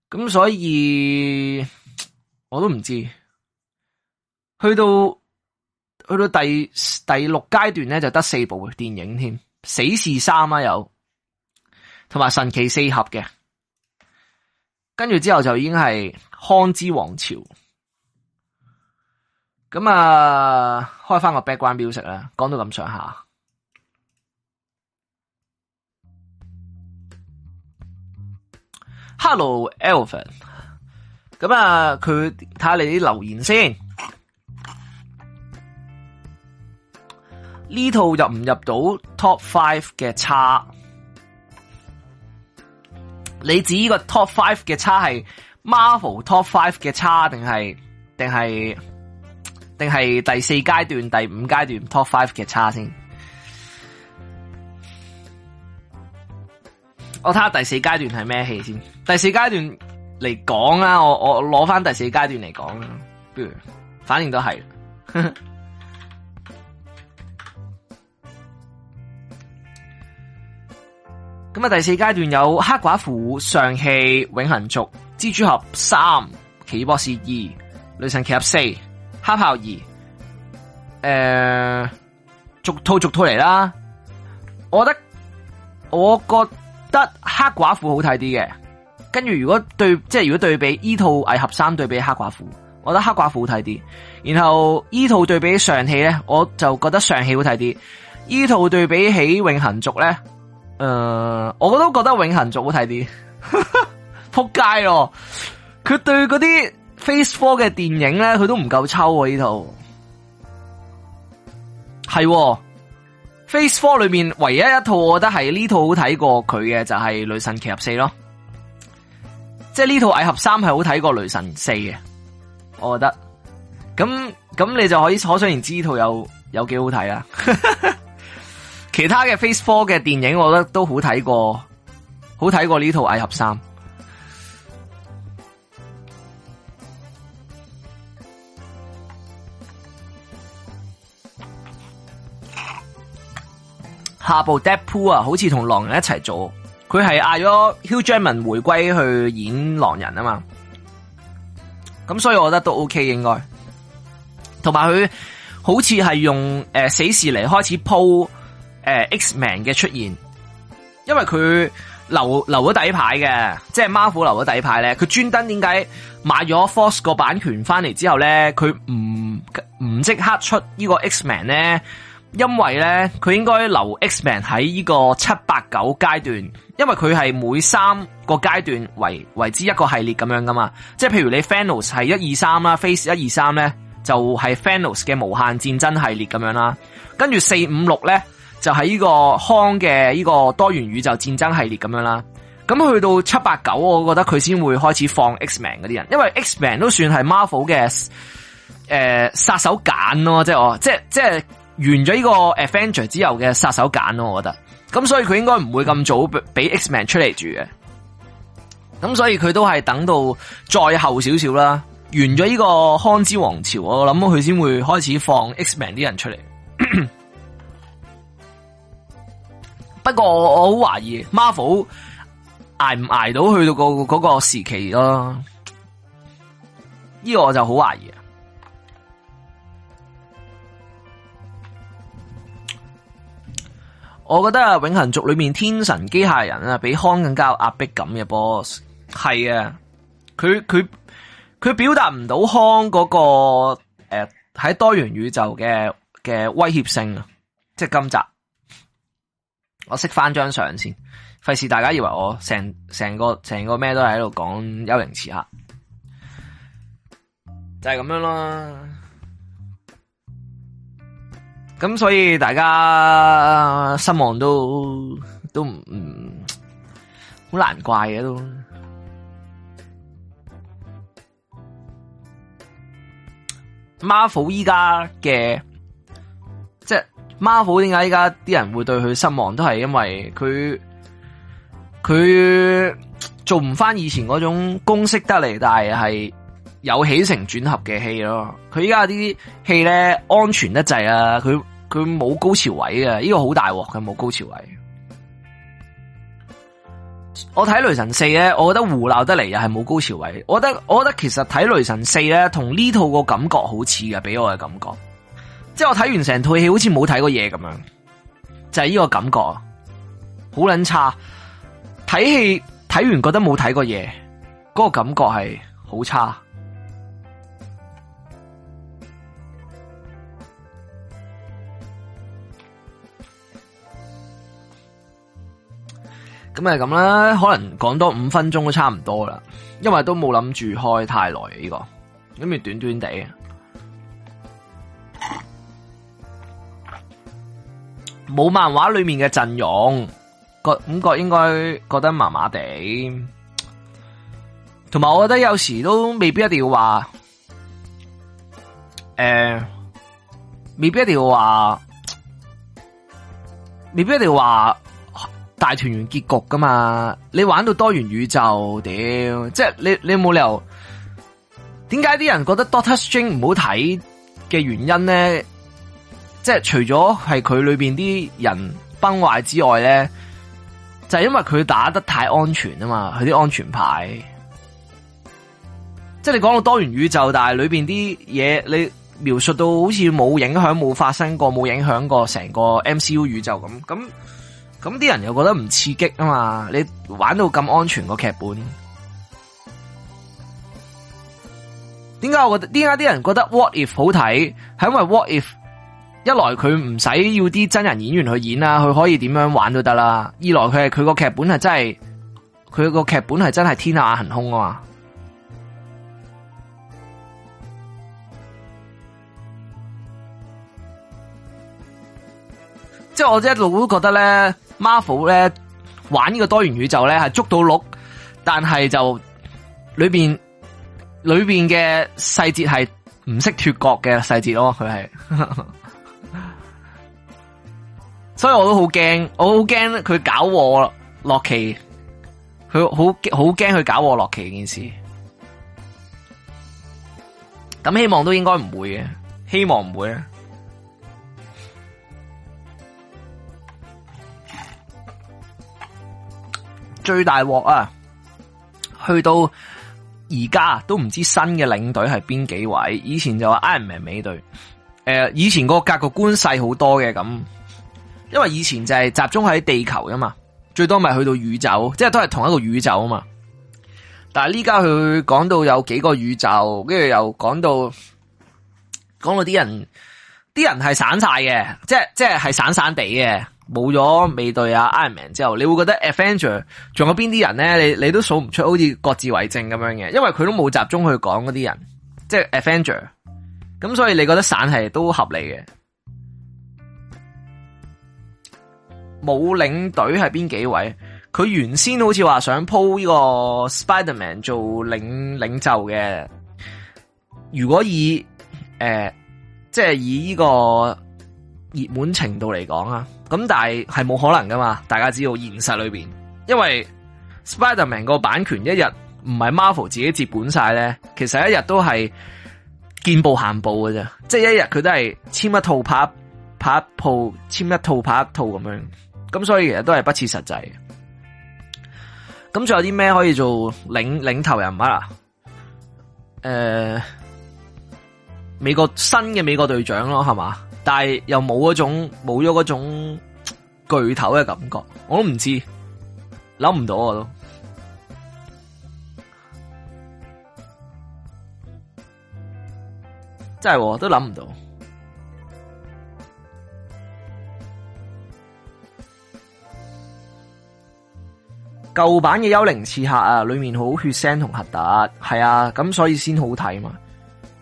咁所以我都唔知。去到去到第第六階段咧，就得四部電影添，《死侍三》啊，有同埋《神奇四俠》嘅，跟住之後就已經係《康之王朝》咁啊。開翻個 background music 啦，講到咁上下。Hello，Elvin，咁啊，佢睇下你啲留言先。呢套入唔入到 Top Five 嘅差？你指呢個 Top Five 嘅差係 Marvel Top Five 嘅差，定係定係定係第四階段、第五階段 Top Five 嘅差先？我睇下第四階段係咩戲先。第四階段嚟講啦，我我攞翻第四階段嚟講，不如，反正都係。 咁啊！第四階段有黑寡婦、上氣、永恆族、蜘蛛俠三、奇異博士二、呃、雷神奇俠四、黑豹二。誒，逐套逐套嚟啦。我覺得，我覺得黑寡婦好睇啲嘅。跟住如果對，即係如果對比呢套蟻俠三對比黑寡婦，我覺得黑寡婦好睇啲。然後呢套對比上氣咧，我就覺得上氣好睇啲。呢套對比起永恆族咧。誒、uh，我都覺得永恒族好睇啲，撲街喎！佢對嗰啲 Phase 4嘅電影咧，佢都唔夠抽啊！呢套係哦，Phase 4裏面唯一一套，我覺得係呢套好睇過佢嘅，就係、是《雷神奇俠四》咯。即係呢套《蟻俠三》係好睇過《雷神四》嘅，我覺得。咁咁，你就可以可想而知呢套有有幾好睇啦、啊。 其他嘅 Phase Four 嘅電影，我覺得都好睇過，好睇過呢套《蟻俠三》。下部 Deadpool 啊，好似同狼人一齊做，佢係嗌咗 Hugh Jackman 回歸去演狼人啊嘛。咁所以我覺得都 OK 應該，同埋佢好似係用誒、呃、死侍嚟開始鋪。誒，呃，X-Men 嘅出現，因為佢留留咗底牌嘅，即係 Marvel 留咗底牌咧。佢專登點解買咗 Force 個版權翻嚟之後咧，佢唔唔即刻出呢個 X-Men 呢個 X-Men 咧？因為咧，佢應該留 X-Men 喺呢個七八九階段，因為佢係每三個階段為為之一個系列咁樣噶嘛。即係譬如你 Thanos 係一二三啦，Phase 一二三咧，就係 Thanos 嘅無限戰爭系列咁樣啦。跟住四五六咧。就喺、是、呢個康嘅呢個多元宇宙戰爭系列咁樣啦，咁去到七八九，我覺得佢先會開始放 X-Men 嗰啲人，因為 X-Men 都算係 Marvel 嘅誒殺手鐧咯，即係我即係即係完咗呢個 Avenger 之後嘅殺手鐧咯，我覺得。咁所以佢應該唔會咁早俾 X-Men 出嚟住嘅，咁所以佢都係等到再後少少啦，完咗呢個康之王朝，我諗佢先會開始放 X-Men 啲人出嚟。 不過我好懷疑 Marvel 捱唔捱到去到個嗰個時期咯，呢個我就好懷疑。我覺得啊，永恒族裏面天神機械人啊，比康更加有壓迫感嘅 boss，係啊，佢佢佢表達唔到康嗰個誒喺多元宇宙嘅嘅威脅性啊，即係今集。我識翻張相先，費事大家以為我成成個成個咩都係喺度講幽靈刺客，就係咁樣咯。咁所以大家失望都都唔好難怪嘅都。Marvel 依家嘅。Marvel 點解依家啲人會對佢失望？都係因為佢佢做唔翻以前嗰種公式得嚟，但係係有起承轉合嘅戲咯。佢依家啲戲咧安全得滯啊！佢佢冇高潮位啊，呢、這個好大鑊。佢冇高潮位。我睇雷神四咧，我覺得胡鬧得嚟又係冇高潮位。我覺得我覺得其實睇雷神四咧，同呢套個感覺好似㗎，俾我嘅感覺。即係我睇完成套戲，好似冇睇過嘢咁樣，就係呢個感覺，好撚差。睇戲睇完覺得冇睇過嘢，嗰個感覺係好差。咁咪咁啦，可能講多五分鐘都差唔多啦，因為都冇諗住開太耐呢個，咁咪短短地。冇漫畫裏面嘅陣容，覺感覺應該覺得麻麻地，同埋我覺得有時都未必一定要話，誒、呃，未必一定要話，未必一定要話大團圓結局噶嘛？你玩到多元宇宙，屌，即係你你冇理由，點解啲人覺得 Doctor Strange 唔好睇嘅原因咧？即係除咗係佢裏邊啲人崩壞之外咧，就係因為佢打得太安全啊嘛，佢啲安全牌。即係你講到多元宇宙，但係裏邊啲嘢你描述到好似冇影響、冇發生過、冇影響過成個 MCU 宇宙咁，咁咁啲人又覺得唔刺激啊嘛，你玩到咁安全個劇本。點解我覺得？點解啲人覺得 What If 好睇？係因為 What If。一來佢唔使要啲真人演員去演啦，佢可以點樣玩都得啦。二來佢係佢個劇本係真係佢個劇本係真係天下行空啊嘛。 即係我一路都覺得咧，Marvel 咧玩呢個多元宇宙咧係捉到鹿，但係就裏邊裏邊嘅細節係唔識脫角嘅細節咯。佢係。 所以我都好驚，我好驚佢搞我落奇，佢好好驚佢搞我落奇件事。咁希望都應該唔會嘅，希望唔會啦。最大鑊啊，去到而家都唔知新嘅領隊係邊幾位？以前就係 Iron Man、美隊，誒、呃，以前個格局觀細好多嘅，咁。因為以前就係集中喺地球噶嘛，最多咪去到宇宙，即係都係同一個宇宙啊嘛。但係呢家佢講到有幾個宇宙，跟住又講到講到啲人，啲人係散晒嘅，即係即係係散散地嘅，冇咗美隊啊 Iron Man 之後，你會覺得 Avenger 仲有邊啲人咧？你你都數唔出，好似各自為政咁樣嘅，因為佢都冇集中去講嗰啲人，即係 Avenger。咁所以你覺得散係都合理嘅。冇領隊係邊幾位？佢原先好似話想鋪呢個 Spider-Man 做領領袖嘅。如果以誒、呃，即係以呢個熱門程度嚟講啊，咁但係係冇可能噶嘛。大家知道現實裏邊，因為 Spider-Man 個版權一日唔係 Marvel 自己接本晒咧，其實一日都係見步行步嘅啫。即係一日佢都係簽一套拍一套拍一套，簽一套拍一套咁樣。咁所以其實都係不切實際。咁仲有啲咩可以做領領頭人物啊？誒、呃，美國新嘅美國隊長咯，係嘛？但係又冇嗰種冇咗嗰種巨頭嘅感覺，我都唔知諗唔到啊都，真係我、哦、都諗唔到。舊版嘅幽靈刺客啊，裏面好血腥同核突，係啊，咁所以先好睇嘛。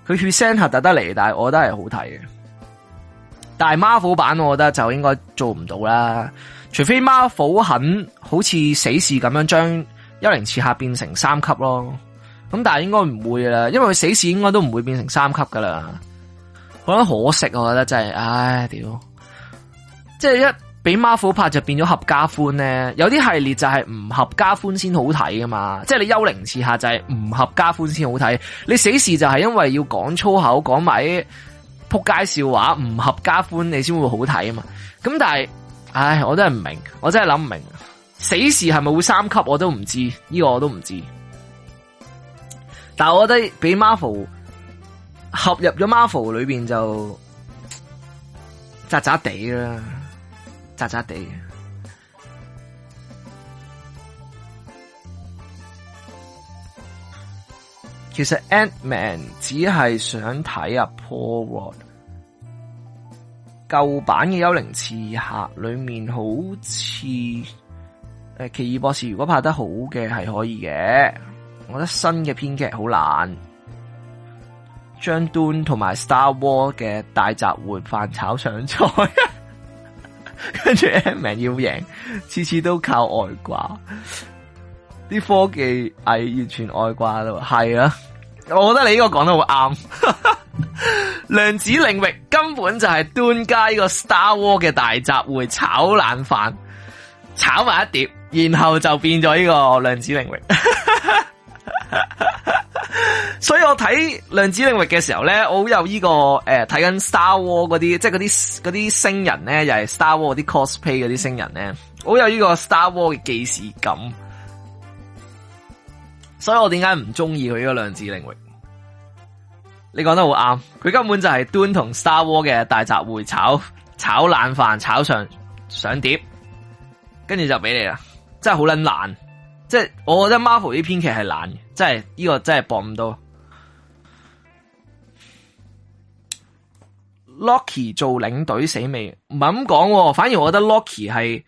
佢血腥核突得嚟，但係我覺得係好睇嘅。但係 Marvel 版，我覺得就應該做唔到啦。除非 Marvel 肯好似死侍咁樣將幽靈刺客變成三級咯。咁但係應該唔會啦，因為佢死侍應該都唔會變成三級噶啦。我覺得可惜，我覺得真係，唉，屌、啊，即係一。俾 Marvel 拍就變咗合家歡咧，有啲系列就係唔合家歡先好睇噶嘛，即係你幽靈刺客就係唔合家歡先好睇，你死侍就係因為要講粗口講埋啲撲街笑話唔合家歡你先會好睇啊嘛，咁但係，唉，我真係唔明，我真係諗唔明，死侍係咪會三級我都唔知，呢個我都唔知，但係我覺得俾 Marvel 合入咗 Marvel 裏邊就渣渣地啦。蜜蜜蜜渣渣地其實 Ant Man 只係想睇 Paul Rudd。舊版嘅幽靈刺客裏面好似、呃、奇異博士，如果拍得好嘅係可以嘅。我覺得新嘅編劇好爛，將 Dune 同埋 Star Wars 嘅大雜燴飯炒上菜。跟住蟻人要贏，次次都靠外掛，啲科技係完全外掛咯。係啊！我覺得你呢個講得好啱，量 子領域根本就係 Dune 加呢個 Star War 嘅大雜燴炒冷飯，炒埋一碟，然後就變咗呢個量子領域。 所以我睇量子領域嘅時候咧，好有呢、這個誒，睇、呃、緊 Star War 嗰啲，即係嗰啲嗰啲星人咧，又係 Star War 啲 cosplay 嗰啲星人咧，好有呢個 Star War 嘅既視感。所以我點解唔中意佢呢個量子領域？你講得好啱，佢根本就係端同 Star War 嘅大雜燴炒炒冷飯炒上上碟，跟住就俾你啦，真係好撚爛。即係我覺得 Marvel 呢編劇係爛真係呢個真係搏唔到。Loki 做領隊死未？唔係咁講，反而我覺得 Loki 係，係，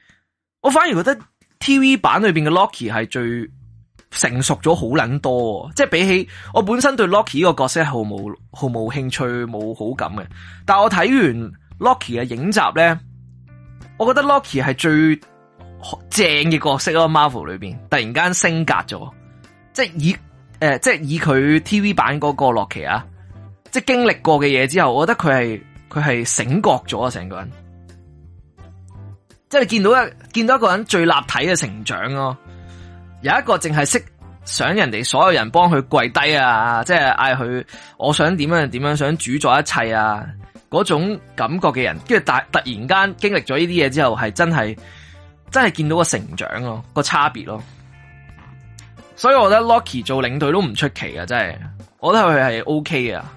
我反而覺得 T V 版裏邊嘅 Loki 係係最成熟咗好捻多。即係比起我本身對 Loki 呢個角色毫無毫無興趣冇好感嘅，但係我睇完 Loki 嘅影集咧，我覺得 Loki 係係最正嘅角色咯。Marvel 裏邊突然間升格咗。即係以誒、呃，即係以佢 TV 版嗰個洛基啊，即係經歷過嘅嘢之後，我覺得佢係佢係醒覺咗啊，成個人。即係見到一見到一個人最立體嘅成長咯、哦，有一個淨係識想人哋所有人幫佢跪低啊，即係嗌佢，我想點樣點樣，想主宰一切啊，嗰種感覺嘅人，跟住突突然間經歷咗呢啲嘢之後，係真係真係見到個成長咯、哦，個差別咯、哦。所以我覺得 Loki 做領隊都唔出奇啊，真係，我覺得佢係 OK 啊。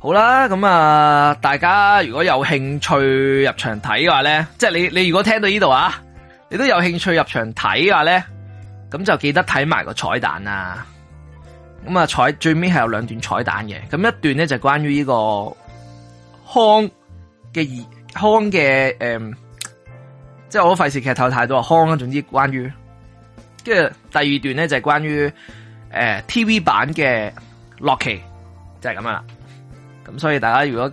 好啦，咁啊，大家如果有興趣入場睇嘅話咧，即係你你如果聽到呢度啊，你都有興趣入場睇嘅話咧，咁就記得睇埋個彩蛋啊。咁啊彩最尾係有兩段彩蛋嘅，咁一段咧就關於呢、這個康嘅意。康嘅誒、嗯，即係我費事劇透太多康啦。總之關於，跟住第二段咧就係、關於誒、呃、TV 版嘅洛基，就係咁啦。咁所以大家如果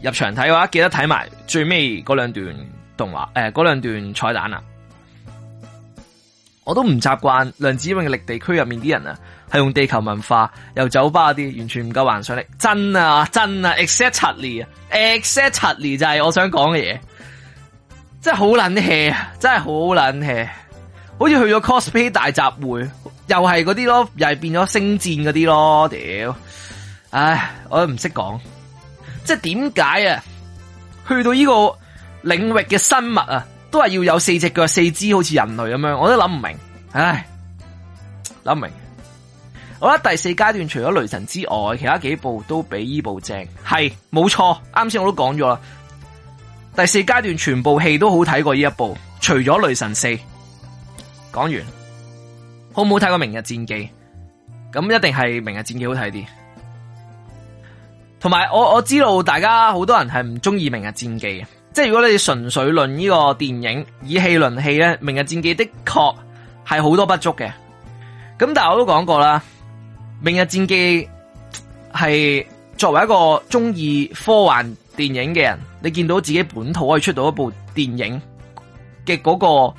入場睇嘅話，記得睇埋最尾嗰兩段動畫誒，嗰、呃、兩段彩蛋啦。我都唔習慣量子領域入面啲人啊。係用地球文化，由酒吧啲完全唔夠幻想力，真啊真啊，exactly 啊，exactly 就係我想講嘅嘢，真係好冷氣啊，真係好冷氣，好似去咗 cosplay 大集會，又係嗰啲咯，又係變咗星戰嗰啲咯，屌，唉，我都唔識講，即係點解啊？去到呢個領域嘅生物啊，都係要有四隻腳、四肢，好似人類咁樣，我都諗唔明，唉，諗唔明。我覺得第四階段除咗《雷神》之外，其他幾部都比依部正係，係冇錯。啱先我都講咗啦，第四階段全部戲都好睇過依一部，除咗《雷神四》。講完，好唔好睇過《明日戰記》？咁一定係《明日戰記》好睇啲。同埋，我我知道大家好多人係唔中意《明日戰記》嘅，即係如果你純粹論呢個電影以戲論戲咧，《明日戰記》的確係好多不足嘅。咁但係我都講過啦。明日戰記係作為一個中意科幻電影嘅人，你見到自己本土可以出到一部電影嘅嗰、嗰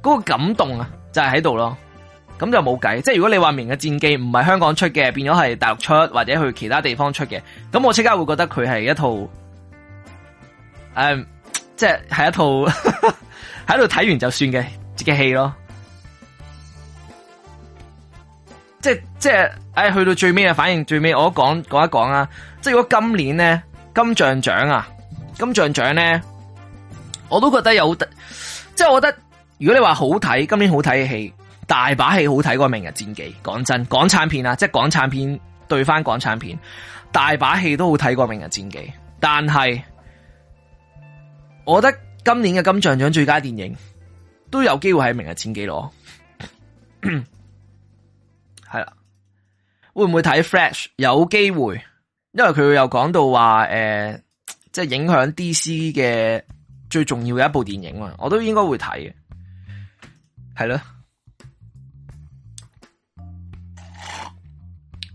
個、嗰個感動啊，那就係喺度咯。咁就冇計，即係如果你話明日戰記唔係香港出嘅，變咗係大陸出或者去其他地方出嘅，咁我即刻會覺得佢係一套，誒、嗯，即係係一套喺度睇完就算嘅，自己戲咯。即係即係，誒、哎，去到最尾嘅反應最，最尾我講講一講啊！即係如果今年咧金像獎啊，金像獎咧，我都覺得有得，即係我覺得如果你話好睇，今年好睇嘅戲，大把戲好睇過《明日戰記》。講真，港產片啊，即係港產片對翻港產片，大把戲都好睇過《明日戰記》，但係我覺得今年嘅金像獎最佳電影都有機會係《明日戰記》咯。係啦，會唔會睇 Flash？有機會，因為佢又講到話，誒、呃，即係影響 DC 嘅最重要嘅一部電影啊！我都應該會睇嘅，係咯。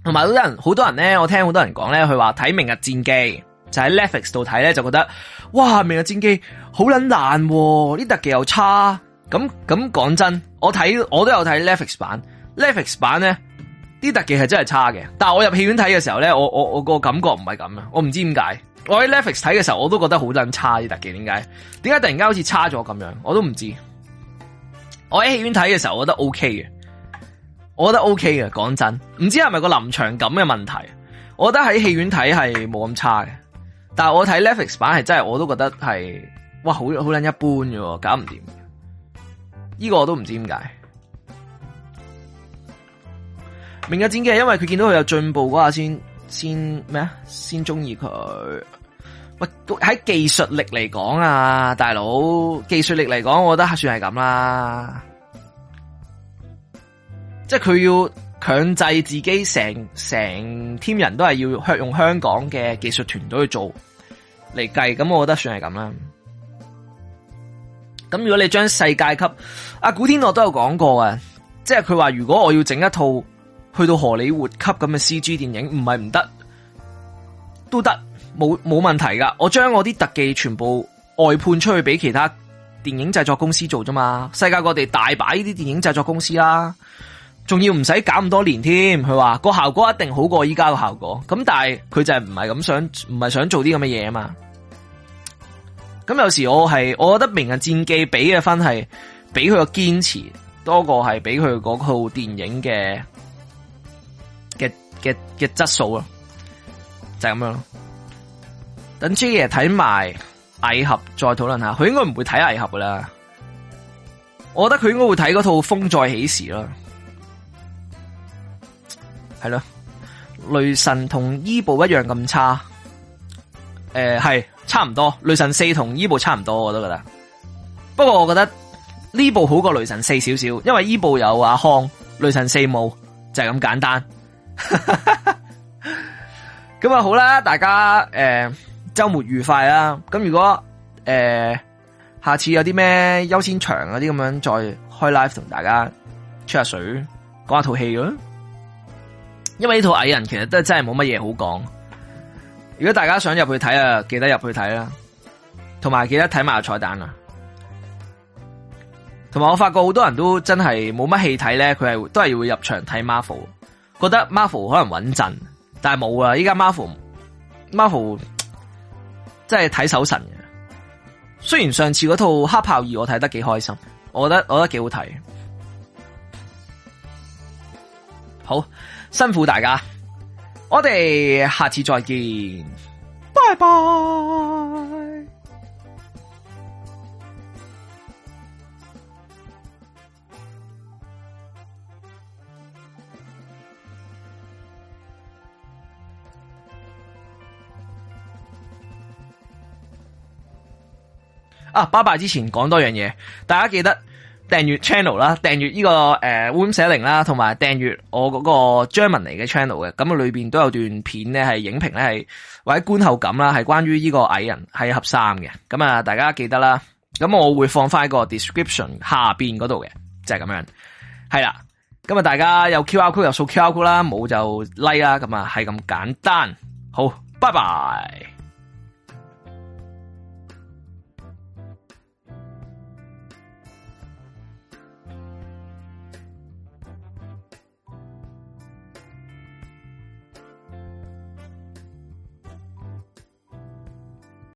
同埋好多人，好多人咧，我聽好多人講咧，佢話睇明日戰記，就喺 Netflix 度睇咧，就覺得哇，明日戰記好撚爛，呢特技又差啊，咁咁講真，我睇我都有睇 Netflix 版。Netflix 版咧，啲特技係真係差嘅。但係我入戲院睇嘅時候咧，我我我個感覺唔係咁啊！我唔知點解，我喺 Netflix 睇嘅時候我都覺得好捻差啲特技。點解？點解突然間好似差咗咁樣？我都唔知。我喺戲院睇嘅時候，我覺得 OK 嘅，我覺得 OK 嘅。講真，唔知係咪個臨場感嘅問題？我覺得喺戲院睇係冇咁差嘅。但係我睇 Netflix 版係真係，我都覺得係哇，好好捻一般喎。搞唔掂。呢個我都唔知點解。明日戰記係因為佢見到佢有進步嗰下先先咩啊？先中意佢。喂，喺技術力嚟講啊，大佬技術力嚟講，我覺得算係咁啦。即係佢要強制自己成成 team 人都係要用用香港嘅技術團隊去做嚟計，咁我覺得算係咁啦。咁如果你將世界級阿、啊、古天樂都有講過啊，即係佢話如果我要整一套。去到荷里活級咁嘅 C G 電影唔係唔得，都得冇冇問題噶。我將我啲特技全部外判出去俾其他電影製作公司做啫嘛。世界各地大把呢啲電影製作公司啦，啊，仲要唔使搞咁多年添。佢話個效果一定好過依家嘅效果。咁但係佢就係唔係咁想，唔係想做啲咁嘅嘢啊嘛。咁有時我係我覺得《明日戰記》俾嘅分係俾佢個堅持多過係俾佢嗰套電影嘅。嘅嘅質素啊，就係、是、咁樣咯。等朱爺睇埋蟻俠，再討論下。佢應該唔會睇蟻俠噶啦。我覺得佢應該會睇嗰套《風再起時》啦。係咯，雷神同依部一樣咁差。誒、呃，係差唔多。雷神四同依部差唔多，我都覺得。不過我覺得呢部好過雷神四少少，因為依部有阿康，雷神四冇，就係、是、咁簡單。咁 啊，好啦，大家誒周、呃、末愉快啦！咁如果誒、呃、下次有啲咩優先場嗰啲咁樣，再開 live 同大家吹下水，講下套戲咯。因為呢套蟻人其實都真係冇乜嘢好講。如果大家想入去睇啊，記得入去睇啦。同埋記得睇埋彩蛋呀。同埋我發覺好多人都真係冇乜戲睇咧，佢係都係會入場睇 Marvel。覺得 Marvel 可能穩陣，但係冇啊！依家 Marvel，Marvel 真係睇手神嘅。雖然上次嗰套黑豹二我睇得幾開心，我覺得我覺得幾好睇。好辛苦大家，我哋下次再見，拜拜。啊，拜拜！之前講多樣嘢，大家記得訂閱 channel 啦，訂閱呢、這個誒 Room410 啦，同埋訂閱我嗰個 Jermany 嘅 channel 嘅，咁啊裏面都有段片咧，係影評咧，係或者觀後感啦，係關於呢個蟻人係合三嘅，咁啊大家記得啦，咁我會放翻喺個 description 下邊嗰度嘅，就係、是、咁樣，係啦，咁啊，大家有 Q R code 又數 Q R code 啦，冇就 like 啦，咁啊係咁簡單，好，拜拜。